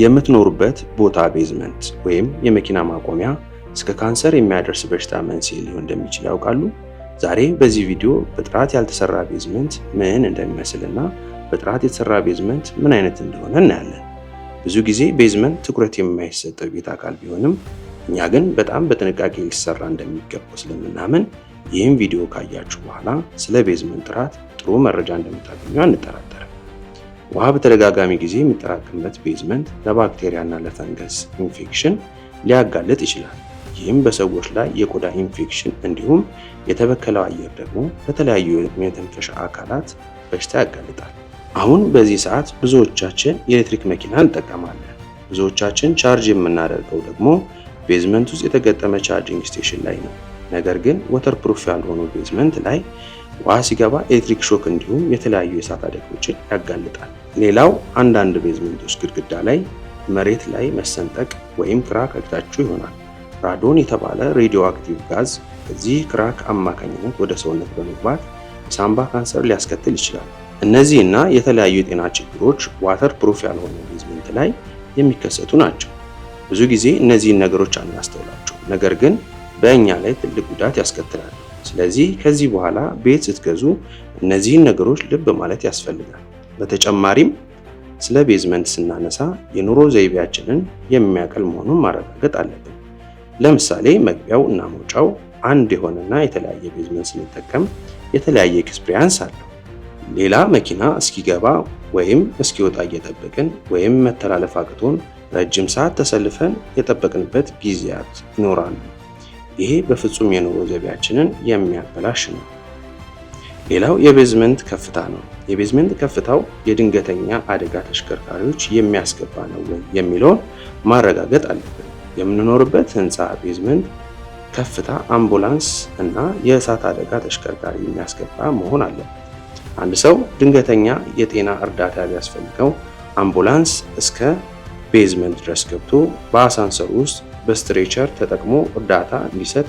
የምትኖሩበት ቦታ ቤዝመንት ወይም የመኪና ማቆሚያ እስከ ካንሰር የሚያደርስ በሽታ መንስኤ ሊሆን እንደሚችል ያውቃሉ? ዛሬ በዚህ ቪዲዮ በጥራት ያልተሰራ ቤዝመንት ምን እና በጥራት የተሰራ ቤዝመንት ምን አይነት እንደሆነ እናያለን። ብዙ ጊዜ ቤዝመንት ትኩረት የማይሰጠው ቤት አካል ቢሆንም እኛ ግን በጣም በጥንቃቄ ሊሰራ እንደሚገባው ስለምናምን ይህም ቪዲዮ ካያችሁ በኋላ ስለ ቤዝመንት ጥራት ጥሩ መረጃ እንደምታገኙ አንጠራጠርም። ውሃ በተደጋጋሚ ጊዜ የሚጠራቅምበት ቤዝመንት ለባክቴሪያና ለፈንገስ ኢንፌክሽን ሊያጋልጥ ይችላል። ይህም በሰዎች ላይ የቆዳ ኢንፌክሽን እንዲሁም የተበከለው አየር ደግሞ ለተለያዩ የመተንፈሻ አካላት በሽታ ያጋልጣል። አሁን በዚህ ሰዓት ብዙዎቻችን የኤሌክትሪክ መኪና እንጠቀማለን። ብዙዎቻችን ቻርጅ የምናደርገው ደግሞ ቤዝመንት ውስጥ የተገጠመ ቻርጅንግ ስቴሽን ላይ ነው። ነገር ግን ወተር ፕሩፍ ያልሆኑ ቤዝመንት ላይ ውሃ ሲገባ ኤሌክትሪክ ሾክ እንዲሁም የተለያዩ የእሳት አደጋዎችን ያጋልጣል። ሌላው አንዳንድ ቤዝመንቶች ግድግዳ ላይ መሬት ላይ መሰንጠቅ ወይም ክራክ አግኝታችሁ ይሆናል። ራዶን የተባለ ሬዲዮ አክቲቭ ጋዝ በዚህ ክራክ አማካኝነት ወደ ሰውነት በመግባት ሳምባ ካንሰር ሊያስከትል ይችላል። እነዚህና የተለያዩ የጤና ችግሮች ዋተር ፕሩፍ ያልሆነ ቤዝመንት ላይ የሚከሰቱ ናቸው። ብዙ ጊዜ እነዚህን ነገሮች አናስተውላቸው፣ ነገር ግን በእኛ ላይ ትልቅ ጉዳት ያስከትላል። ስለዚህ ከዚህ በኋላ ቤት ስትገዙ እነዚህን ነገሮች ልብ ማለት ያስፈልጋል። በተጨማሪም ስለ ቤዝመንት ስናነሳ የኑሮ ዘይቤያችንን የሚያቀል መሆኑን ማረጋገጥ አለብን። ለምሳሌ መግቢያው እና መውጫው አንድ የሆነና የተለያየ ቤዝመንት ስንጠቀም የተለያየ ኤክስፒሪያንስ አለው። ሌላ መኪና እስኪገባ ወይም እስኪወጣ እየጠበቅን ወይም መተላለፍ አቅቶን ረጅም ሰዓት ተሰልፈን የጠበቅንበት ጊዜያት ይኖራሉ። ይሄ በፍጹም የኑሮ ዘይቤያችንን የሚያበላሽ ነው። ሌላው የቤዝመንት ከፍታ ነው። የቤዝመንት ከፍታው የድንገተኛ አደጋ ተሽከርካሪዎች የሚያስገባ ነው ወይ የሚለውን ማረጋገጥ አለብን። የምንኖርበት ህንፃ ቤዝመንት ከፍታ አምቡላንስ እና የእሳት አደጋ ተሽከርካሪ የሚያስገባ መሆን አለበት። አንድ ሰው ድንገተኛ የጤና እርዳታ ቢያስፈልገው አምቡላንስ እስከ ቤዝመንት ድረስ ገብቶ በአሳንሰሩ ውስጥ በስትሬቸር ተጠቅሞ እርዳታ እንዲሰጥ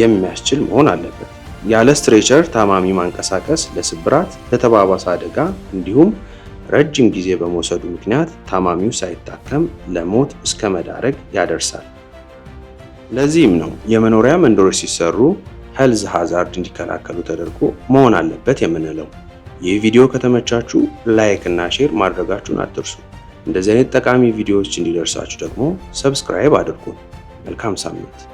የሚያስችል መሆን አለበት። ያለ ስትሬቸር ታማሚ ማንቀሳቀስ ለስብራት፣ ለተባባሰ አደጋ እንዲሁም ረጅም ጊዜ በመውሰዱ ምክንያት ታማሚው ሳይታከም ለሞት እስከ መዳረግ ያደርሳል። ለዚህም ነው የመኖሪያ መንደሮች ሲሰሩ ሄልዝ ሃዛርድ እንዲከላከሉ ተደርጎ መሆን አለበት የምንለው። ይህ ቪዲዮ ከተመቻችሁ ላይክ እና ሼር ማድረጋችሁን አትርሱ። እንደዚህ አይነት ጠቃሚ ቪዲዮዎች እንዲደርሳችሁ ደግሞ ሰብስክራይብ አድርጉ። መልካም ሳምንት